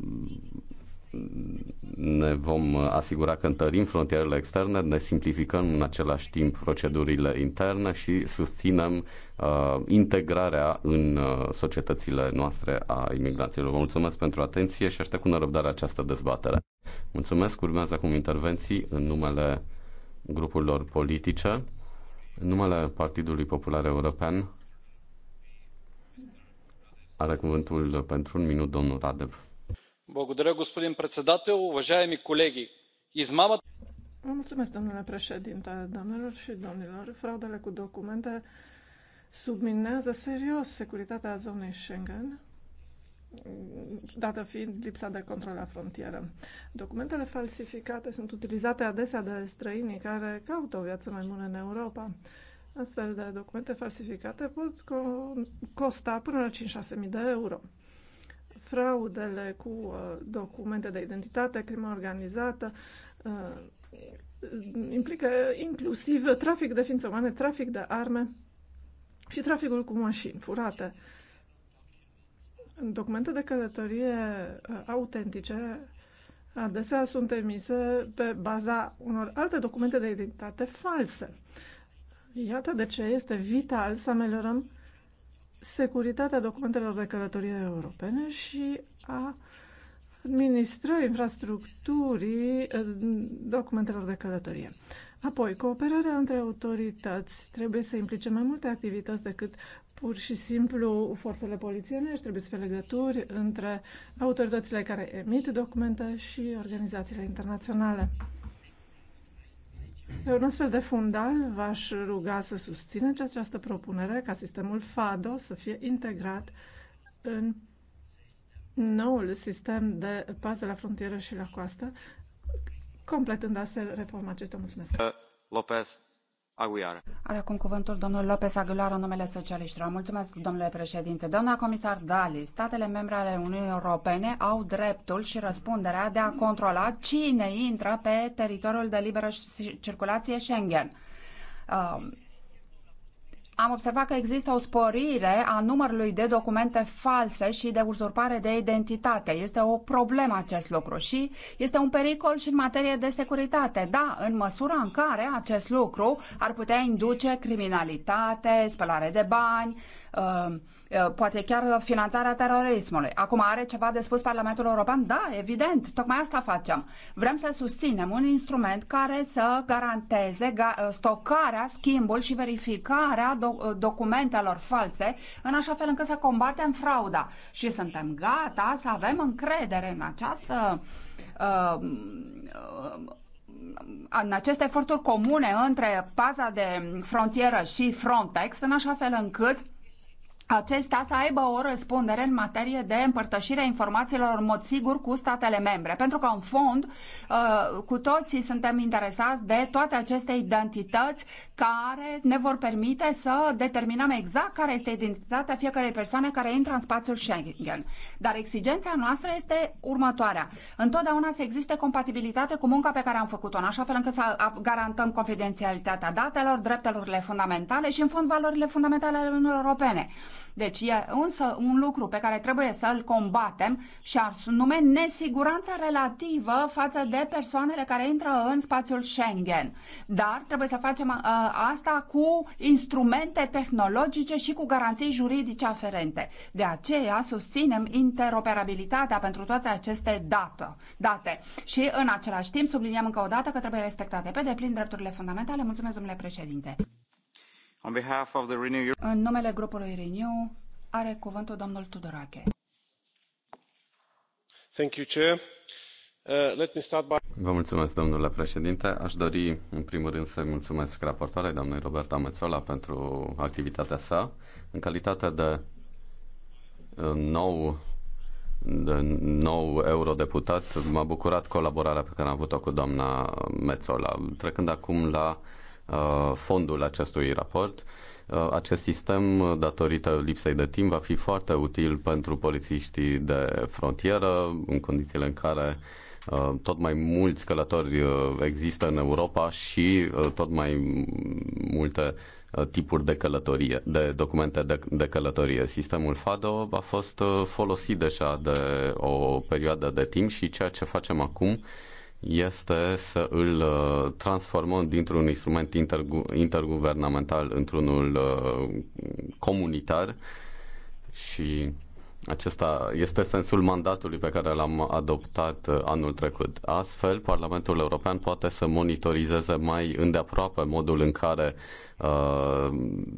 ne vom asigura că întărim frontierele externe, ne simplificăm în același timp procedurile interne și susținem uh, integrarea în uh, societățile noastre a imigranților. Vă mulțumesc pentru atenție și aștept cu nerăbdare această dezbatere. Mulțumesc, urmează acum intervenții în numele grupurilor politice, în numele Partidului Popular European, are cuvântul pentru un minut domnul Radev. Mulțumesc, domnule președinte, doamnelor și domnilor. Fraudele cu documente subminează serios securitatea zonei Schengen, dată fiind lipsa de control la frontieră. Documentele falsificate sunt utilizate adesea de străinii care caută o viață mai bună în Europa Astfel de documente falsificate pot costa până la 5-6 mii de euro. Fraudele cu uh, documente de identitate, crimă organizată, uh, implică inclusiv trafic de ființe umane, trafic de arme și traficul cu mașini furate. Documente de călătorie uh, autentice adesea sunt emise pe baza unor alte documente de identitate false. Iată de ce este vital să ameliorăm securitatea documentelor de călătorie europene și a administrării infrastructurii eh, documentelor de călătorie. Apoi, cooperarea între autorități trebuie să implice mai multe activități decât pur și simplu forțele polițienești, trebuie să fie legături între autoritățile care emit documente și organizațiile internaționale. Pe un astfel de fundal, v-aș ruga să susțineți această propunere ca sistemul FADO să fie integrat în noul sistem de pază la frontieră și la coastă, completând astfel reforma acestea. Mulțumesc! Uh, Lopez. Aguiar. Are acum cuvântul domnul López Aguilar în numele socialiștilor. Mulțumesc, domnule președinte. Doamna comisar Dali, statele membre ale Uniunii Europene au dreptul și răspunderea de a controla cine intră pe teritoriul de liberă circulație Schengen. Uh, am observat că există o sporire a numărului de documente false și de uzurpare de identitate. Este o problemă acest lucru și este un pericol și în materie de securitate. Da, în măsura în care acest lucru ar putea induce criminalitate, spălare de bani, uh, Eh, poate chiar finanțarea terorismului. Acum are ceva de spus Parlamentul European? Da, evident, tocmai asta facem. Vrem să susținem un instrument care să garanteze eh, stocarea, schimbul și verificarea eh, documentelor false, în așa fel încât să combatem frauda. Și suntem gata să avem încredere în această uh, uh, în aceste eforturi comune între paza de frontieră și Frontex, în așa fel încât acesta să aibă o răspundere în materie de împărtășire a informațiilor în mod sigur cu statele membre. Pentru că, în fond, uh, cu toții suntem interesați de toate aceste identități care ne vor permite să determinăm exact care este identitatea fiecarei persoane care intră în spațiul Schengen. Dar exigența noastră este următoarea. Întotdeauna să existe compatibilitate cu munca pe care am făcut-o, în așa fel încât să garantăm confidențialitatea datelor, drepturile fundamentale și, în fond, valorile fundamentale ale Uniunii Europene. Deci e însă un lucru pe care trebuie să-l combatem și ar nume nesiguranța relativă față de persoanele care intră în spațiul Schengen. Dar trebuie să facem uh, asta cu instrumente tehnologice și cu garanții juridice aferente. De aceea susținem interoperabilitatea pentru toate aceste date. date. Și în același timp subliniem încă o dată că trebuie respectate pe deplin drepturile fundamentale. Mulțumesc, domnule președinte. On behalf of the Renew... În numele grupului Renew are cuvântul domnul Tudorache. Thank you, Chair. Uh, let me start by... Vă mulțumesc, domnule președinte. Aș dori, în primul rând, să mulțumesc raportoarei doamnei Roberta Mețola pentru activitatea sa. În calitate de uh, nou de nou eurodeputat, m-a bucurat colaborarea pe care am avut-o cu doamna Mețola. Trecând acum la uh, Uh, fondul acestui raport. Uh, acest sistem, datorită lipsei de timp, va fi foarte util pentru polițiștii de frontieră, în condițiile în care uh, tot mai mulți călători există în Europa și tot mai multe tipuri de călătorie, de documente de, de călătorie. Sistemul FADO a fost folosit deja de o perioadă de timp și ceea ce facem acum este să îl uh, transformăm dintr-un instrument intergu- interguvernamental într-unul uh, comunitar și acesta este sensul mandatului pe care l-am adoptat uh, anul trecut. Astfel, Parlamentul European poate să monitorizeze mai îndeaproape modul în care uh,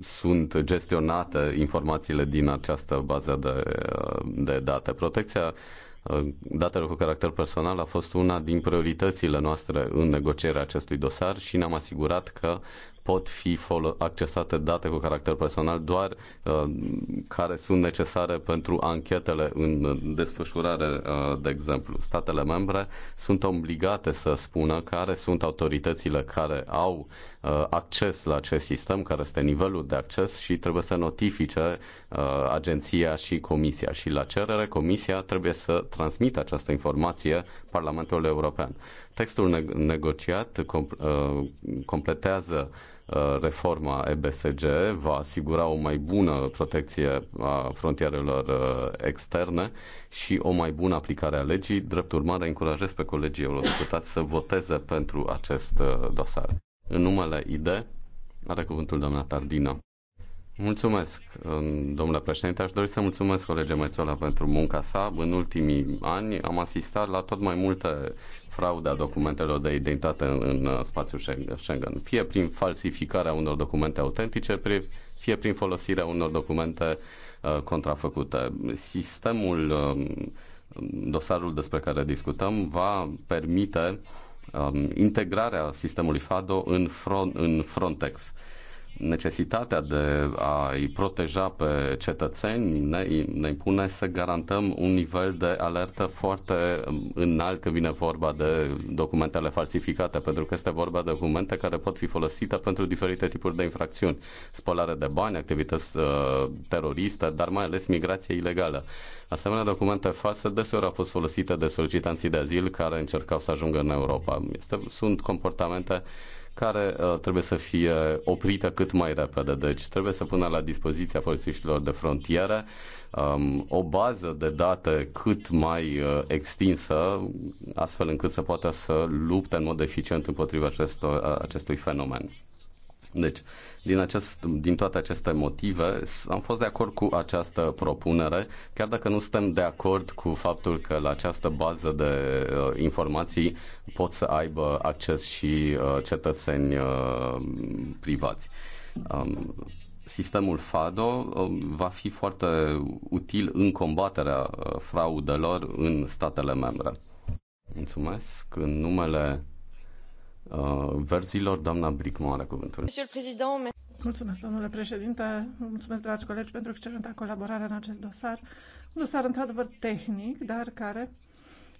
sunt gestionate informațiile din această bază de, de date. Protecția uh, datelor cu caracter personal a fost una din prioritățile noastre în negocierea acestui dosar și ne-am asigurat că pot fi accesate date cu caracter personal doar uh, care sunt necesare pentru anchetele în desfășurare, uh, de exemplu. Statele membre sunt obligate să spună care sunt autoritățile care au uh, acces la acest sistem, care este nivelul de acces și trebuie să notifice uh, agenția și comisia. Și la cerere, comisia trebuie să transmită această informație Parlamentului European. Textul negociat comp- uh, completează uh, Uh, reforma EBSG va asigura o mai bună protecție a frontierelor uh, externe și o mai bună aplicare a legii. Drept urmare, încurajez pe colegii eurodeputați să voteze pentru acest uh, dosar. În numele ID are cuvântul doamna Tardina. Mulțumesc, um, domnule președinte. Aș dori să mulțumesc colegii Mețola pentru munca sa. În ultimii ani am asistat la tot mai multe fraude a documentelor de identitate în uh, spațiul Schengen, fie prin falsificarea unor documente autentice, fie prin folosirea unor documente uh, contrafăcute. Sistemul, um, dosarul despre care discutăm, va permite um, integrarea sistemului FADO în, front, în Frontex necesitatea de a-i proteja pe cetățeni ne, ne impune să garantăm un nivel de alertă foarte înalt când vine vorba de documentele falsificate, pentru că este vorba de documente care pot fi folosite pentru diferite tipuri de infracțiuni, spălare de bani, activități uh, teroriste, dar mai ales migrație ilegală. Asemenea, documente false deseori au fost folosite de solicitanții de azil care încercau să ajungă în Europa. Este, sunt comportamente uh, care uh, trebuie să fie oprită cât mai repede. Deci trebuie să pună la dispoziția polițiștilor de frontiere um, o bază de date cât mai uh, extinsă, astfel încât să poată să lupte în mod eficient împotriva acestor, uh, acestui fenomen. Deci, din, acest, din toate aceste motive, am fost de acord cu această propunere, chiar dacă nu suntem de acord cu faptul că la această bază de uh, informații pot să aibă acces și uh, cetățeni uh, privați. Um, sistemul FADO um, va fi foarte util în combaterea uh, fraudelor în statele membre. Mulțumesc. În numele Uh, verzilor. Doamna Bricmo are cuvântul. Mulțumesc, domnule președinte, mulțumesc, dragi colegi, pentru excelenta colaborare în acest dosar. Un dosar într-adevăr tehnic, dar care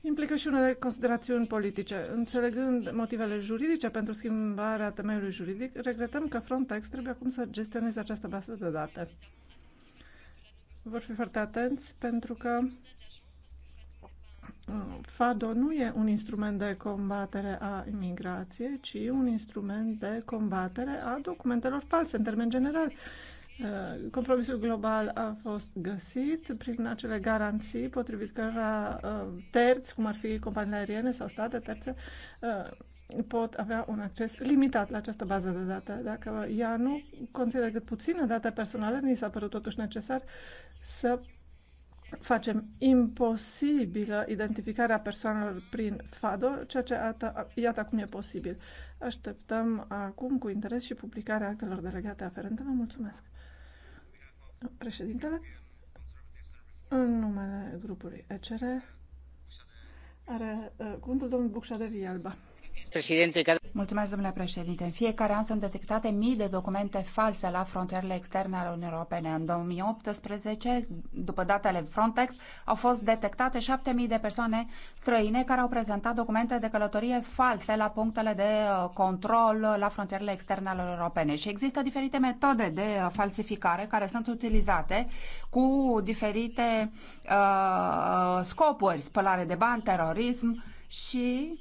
implică și unele considerațiuni politice. Înțelegând motivele juridice pentru schimbarea temeiului juridic, regretăm că Frontex trebuie acum să gestioneze această bază de date. Vor fi foarte atenți pentru că FADO nu e un instrument de combatere a imigrației, ci un instrument de combatere a documentelor false, în termen general. Uh, compromisul global a fost găsit prin acele garanții potrivit cărora uh, terți, cum ar fi companiile aeriene sau state terțe, uh, pot avea un acces limitat la această bază de date. Dacă ea nu conține decât puține date personale, ni s-a părut totuși necesar să facem imposibilă identificarea persoanelor prin FADO, ceea ce ată, iată acum e posibil. Așteptăm acum cu interes și publicarea actelor delegate aferente. Vă mulțumesc. Președintele, în numele grupului ECR, are uh, cuvântul domnul Bucșa de Vialba. Președinte... domnule președinte. În fiecare an sunt detectate mii de documente false la frontierele externe ale Uniunii Europene. În 2018, după datele Frontex, au fost detectate 7.000 de persoane străine care au prezentat documente de călătorie false la punctele de uh, control la frontierele externe ale Uniunii Europene. Și există diferite metode de uh, falsificare care sunt utilizate cu diferite uh, scopuri, spălare de bani, terorism și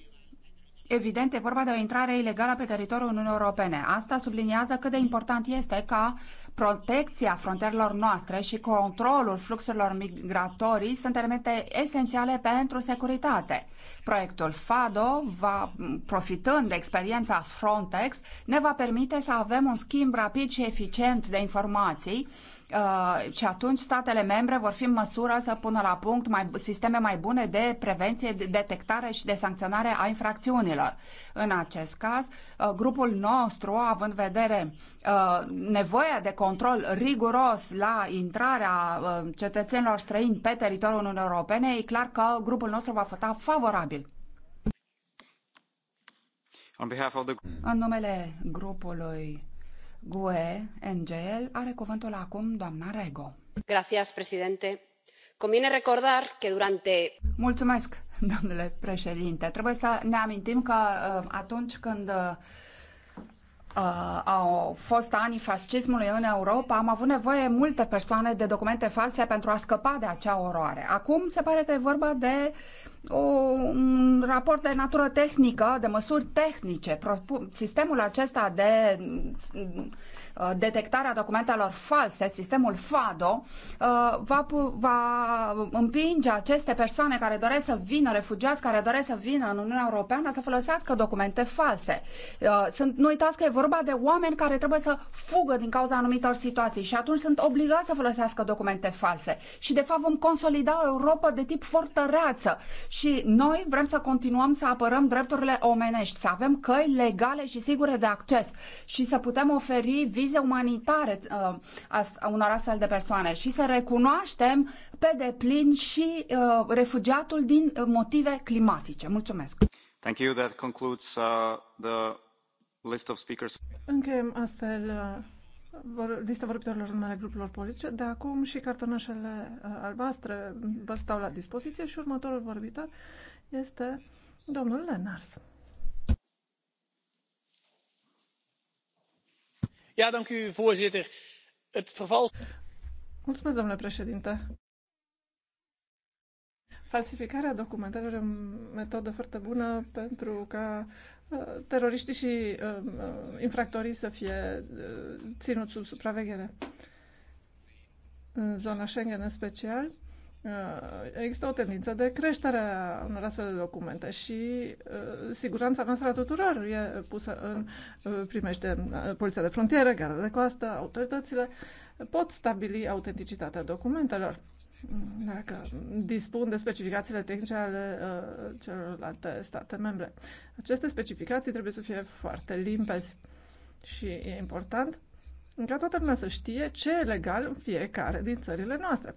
Evident, e vorba de o intrare ilegală pe teritoriul Uniunii Europene. Asta subliniază cât de important este ca protecția frontierelor noastre și controlul fluxurilor migratorii sunt elemente esențiale pentru securitate. Proiectul FADO, va, profitând de experiența Frontex, ne va permite să avem un schimb rapid și eficient de informații Uh, și atunci statele membre vor fi în măsură să pună la punct mai, sisteme mai bune de prevenție, de detectare și de sancționare a infracțiunilor. În acest caz, uh, grupul nostru, având în vedere uh, nevoia de control riguros la intrarea cetățenilor străini pe teritoriul Uniunii Europene, e clar că grupul nostru va vota favorabil. On behalf of the... În numele grupului GUE NGL are cuvântul acum doamna Rego. recordar durante... Mulțumesc, domnule președinte. Trebuie să ne amintim că uh, atunci când uh, uh, au fost anii fascismului în Europa, am avut nevoie multe persoane de documente false pentru a scăpa de acea oroare. Acum se pare că e vorba de uh, o, un raport de natură tehnică, de măsuri tehnice. Sistemul acesta de uh, detectarea documentelor false, sistemul FADO, uh, va, va împinge aceste persoane care doresc să vină, refugiați care doresc să vină în Uniunea Europeană, să folosească documente false. Uh, sunt, nu uitați că e vorba de oameni care trebuie să fugă din cauza anumitor situații și atunci sunt obligați să folosească documente false. Și de fapt vom consolida o Europa de tip fortăreață și noi vrem să continuăm să apărăm drepturile omenești, să avem căi legale și sigure de acces și să putem oferi vize umanitare uh, unor astfel de persoane și să recunoaștem pe deplin și uh, refugiatul din uh, motive climatice. Mulțumesc! Thank you. That concludes uh, the list of speakers. Încheiem astfel uh vor, lista vorbitorilor în numele grupurilor politice. De acum și cartonașele uh, albastre vă stau la dispoziție și următorul vorbitor este domnul Lenars. Ja, dank u, voorzitter. Het verval... Mulțumesc, domnule președinte. Falsificarea documentelor e o metodă foarte bună pentru ca teroriștii și um, uh, infractorii să fie uh, ținuți sub supraveghere. În zona Schengen în special, uh, există o tendință de creștere a unor astfel de documente și siguranța noastră a tuturor e pusă în primește poliția de frontieră, gara de coastă, autoritățile pot stabili autenticitatea documentelor dacă dispun de specificațiile tehnice ale uh, celorlalte state membre. Aceste specificații trebuie să fie foarte limpezi și e important ca toată lumea să știe ce e legal în fiecare din țările noastre.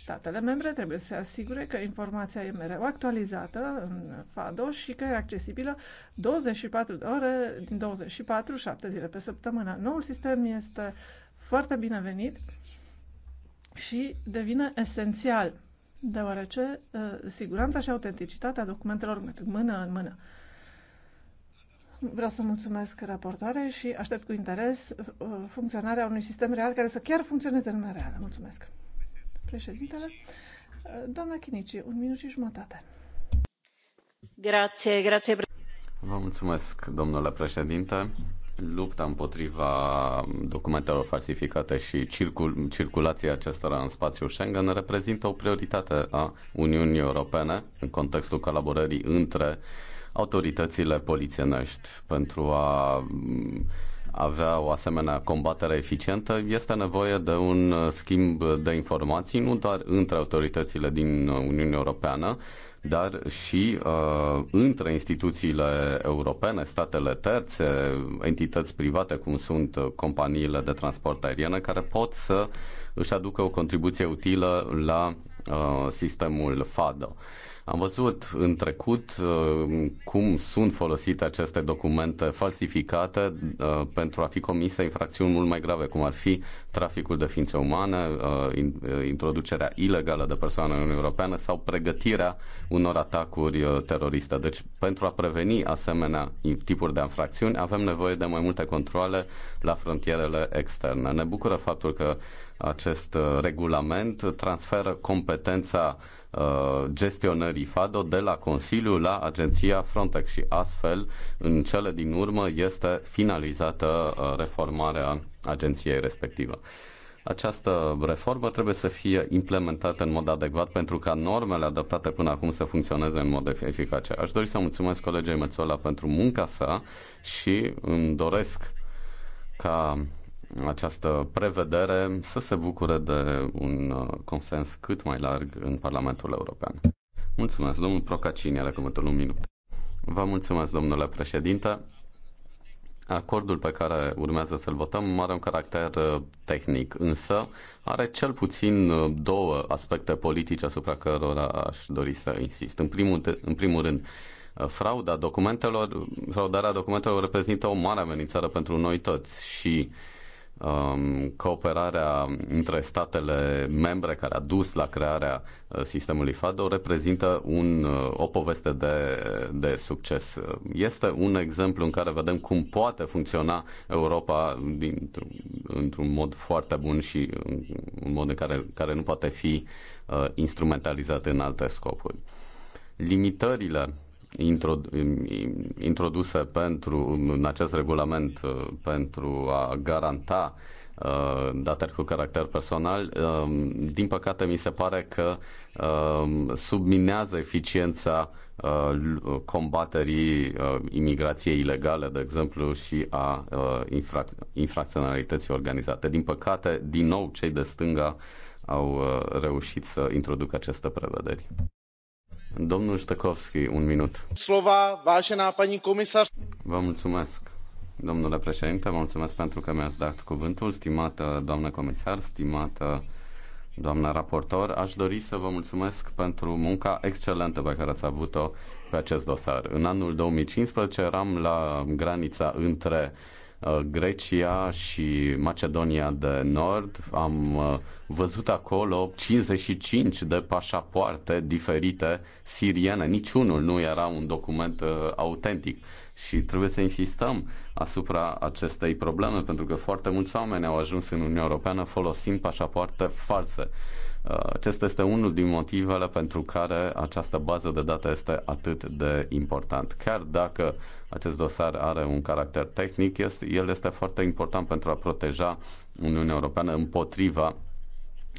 Statele membre trebuie să se asigure că informația e mereu actualizată în FADO și că e accesibilă 24 de ore din 24, 7 zile pe săptămână. Noul sistem este foarte binevenit și devine esențial, deoarece uh, siguranța și autenticitatea documentelor merg mână în mână. Vreau să mulțumesc raportoare și aștept cu interes uh, funcționarea unui sistem real care să chiar funcționeze în lumea reală. Mulțumesc. Președintele, uh, doamna Chinici, un minut și jumătate. Grație, grație. Vă mulțumesc, domnule președinte lupta împotriva documentelor falsificate și circul, circulația acestora în spațiul Schengen reprezintă o prioritate a Uniunii Europene în contextul colaborării între autoritățile polițienești pentru a mm, avea o asemenea combatere eficientă, este nevoie de un schimb de informații nu doar între autoritățile din Uniunea Europeană, dar și uh, între instituțiile europene, statele terțe, entități private, cum sunt uh, companiile de transport aeriene, care pot să își aducă o contribuție utilă la uh, sistemul FADO. Am văzut în trecut uh, cum sunt folosite aceste documente falsificate uh, pentru a fi comise infracțiuni mult mai grave, cum ar fi traficul de ființe umane, uh, introducerea ilegală de persoane în Uniunea Europeană sau pregătirea unor atacuri teroriste. Deci, pentru a preveni asemenea tipuri de infracțiuni, avem nevoie de mai multe controle la frontierele externe. Ne bucură faptul că acest regulament transferă competența uh, Uh, gestionării FADO de la Consiliu la agenția Frontex și astfel în cele din urmă este finalizată uh, reformarea agenției respectivă. Această reformă trebuie să fie implementată în mod adecvat pentru ca normele adaptate până acum să funcționeze în mod eficace. Aș dori să mulțumesc colegei Mețola pentru munca sa și îmi doresc ca această prevedere să se bucure de un uh, consens cât mai larg în Parlamentul European. Mulțumesc, domnul Procacini, are cuvântul un minut. Vă mulțumesc, domnule președinte. Acordul pe care urmează să-l votăm are un caracter uh, tehnic, însă are cel puțin uh, două aspecte politice asupra cărora aș dori să insist. În primul, în primul rând, frauda documentelor, fraudarea documentelor reprezintă o mare amenințare pentru noi toți și uh, Um, cooperarea între statele membre care a dus la crearea uh, sistemului FADO reprezintă un, uh, o poveste de, de succes. Este un exemplu în care vedem cum poate funcționa Europa dintr-un, într-un mod foarte bun și un mod în care, care nu poate fi uh, instrumentalizat în alte scopuri. Limitările introduse pentru, în acest regulament uh, pentru a garanta uh, date cu caracter personal, um, din păcate mi se pare că um, subminează eficiența uh, combaterii imigrației ilegale, de exemplu, și a infrac- infracționalității organizate. Din păcate, din nou, cei de stânga au reușit să introducă aceste prevederi. Domnul Ștăcovski, un minut. Slova, vașena, pani comisar. Vă mulțumesc, domnule președinte, vă mulțumesc pentru că mi-ați dat cuvântul, stimată doamnă comisar, stimată doamnă raportor. Aș dori să vă mulțumesc pentru munca excelentă pe care ați avut-o pe acest dosar. În anul 2015 eram la granița între uh, Uh, Grecia și Macedonia de Nord. Am uh, văzut acolo 55 de pașapoarte diferite siriene. Niciunul nu era un document uh, autentic. Și trebuie să insistăm asupra acestei probleme, pentru că foarte mulți oameni au ajuns în Uniunea Europeană folosind pașapoarte false. Uh, acesta este unul din motivele pentru care această bază de date este atât de important. Chiar dacă acest dosar are un caracter tehnic, el este foarte important pentru a proteja Uniunea Europeană împotriva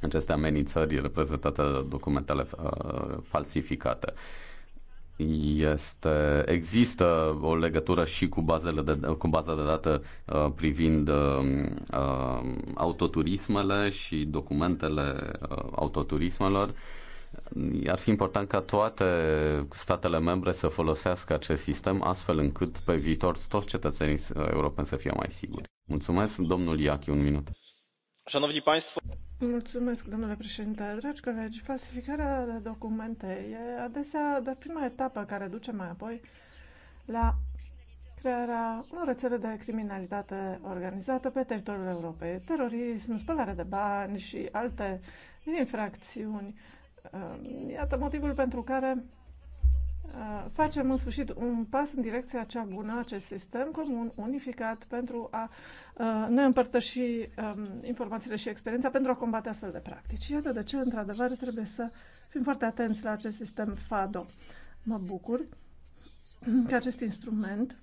aceste amenințări reprezentate de documentele uh, falsificate este, există o legătură și cu, bazele de, cu baza de dată uh, privind um, uh, autoturismele și documentele uh, autoturismelor. Ar fi important ca toate statele membre să folosească acest sistem astfel încât pe viitor toți cetățenii uh, europeni să fie mai siguri. Mulțumesc, domnul Iachi, un minut domnule președinte. Dragi colegi, falsificarea de documente e adesea doar prima etapă care duce mai apoi la crearea unor rețele de criminalitate organizată pe teritoriul Europei. Terorism, spălare de bani și alte infracțiuni. Iată motivul pentru care Uh, facem în sfârșit un pas în direcția cea bună, acest sistem comun, unificat, pentru a uh, ne împărtăși um, informațiile și experiența pentru a combate astfel de practici. Iată de ce, într-adevăr, trebuie să fim foarte atenți la acest sistem FADO. Mă bucur că acest instrument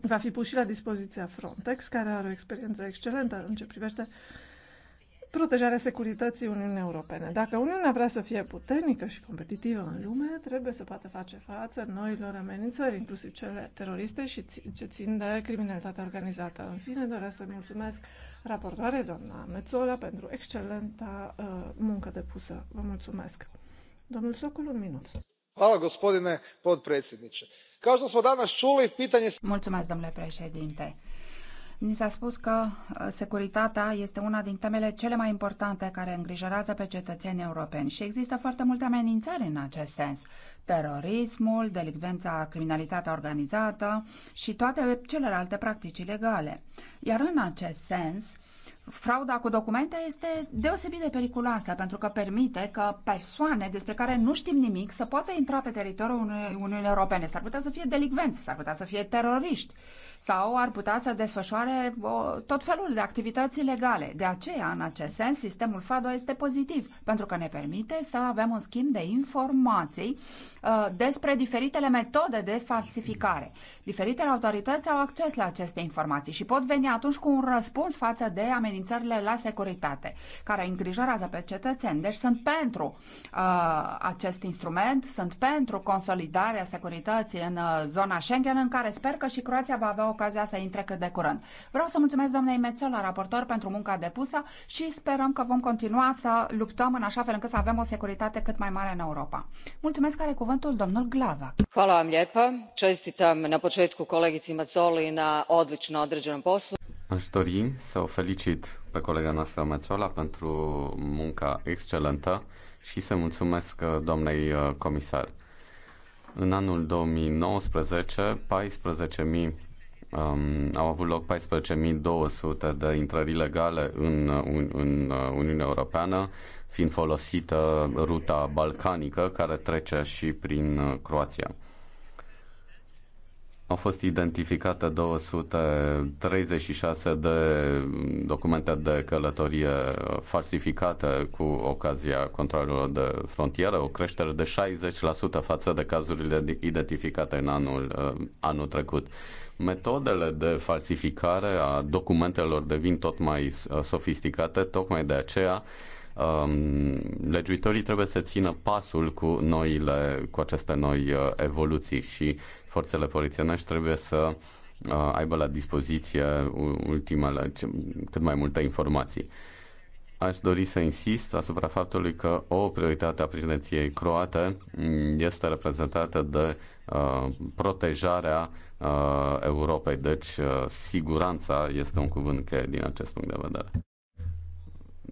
va fi pus și la dispoziția Frontex, care are o experiență excelentă în ce privește uh, protejarea securității Uniunii Europene. Dacă Uniunea vrea să fie puternică și competitivă în lume, trebuie să poată face față noilor amenințări, inclusiv cele teroriste și ce țin de criminalitatea organizată. În fine, doresc să mulțumesc raportoare doamna Mețola pentru excelenta uh, muncă depusă. Vă mulțumesc. Domnul Socul, un minut. Hvala, gospodine podpredsjedniče. Kao što smo danas čuli, pitanje... Mulțumesc, domnule președinte. Ni s-a spus că uh, securitatea este una din temele cele mai importante care îngrijorează pe cetățenii europeni și există foarte multe amenințări în acest sens. Terorismul, delicvența, criminalitatea organizată și toate celelalte practici legale. Iar în acest sens, uh, frauda cu documente este deosebit de periculoasă pentru că permite că persoane despre care nu știm nimic să poată intra pe teritoriul Uniunii Europene. S-ar putea să fie delicvenți, s-ar putea să fie teroriști sau ar putea să desfășoare tot felul de activități ilegale. De aceea, în acest sens, sistemul FADO este pozitiv pentru că ne permite să avem un schimb de informații uh, despre diferitele metode de falsificare. Diferitele autorități au acces la aceste informații și pot veni atunci cu un răspuns față de amenințări amenințările la securitate, care îngrijorează pe cetățeni. Deci sunt pentru uh, acest instrument, sunt pentru consolidarea securității în uh, zona Schengen, în care sper că și Croația va avea ocazia să intre cât de curând. Vreau să mulțumesc doamnei la raportor, pentru munca depusă și sperăm că vom continua să luptăm în așa fel încât să avem o securitate cât mai mare în Europa. Mulțumesc, care cuvântul domnul Glava. Hvala vam lijepa. Čestitam na početku kolegici Macoli na odlično određenom poslu. Aș dori să o felicit pe colega noastră Mețola pentru munca excelentă și să mulțumesc uh, doamnei uh, comisar. În anul 2019, 14.000 um, au avut loc 14.200 de intrări ilegale în, uh, în, în Uniunea Europeană, fiind folosită ruta balcanică care trece și prin Croația. Au fost identificate 236 de documente de călătorie falsificate cu ocazia controlelor de frontieră, o creștere de 60% față de cazurile identificate în anul, uh, anul trecut. Metodele de falsificare a documentelor devin tot mai uh, sofisticate, tocmai de aceea Um, legiuitorii trebuie să țină pasul cu noile, cu aceste noi uh, evoluții și forțele polițienești trebuie să uh, aibă la dispoziție ultimele, cât mai multe informații. Aș dori să insist asupra faptului că o prioritate a președinției croate mm, este reprezentată de uh, protejarea uh, Europei. Deci, uh, siguranța este un cuvânt cheie din acest punct de vedere.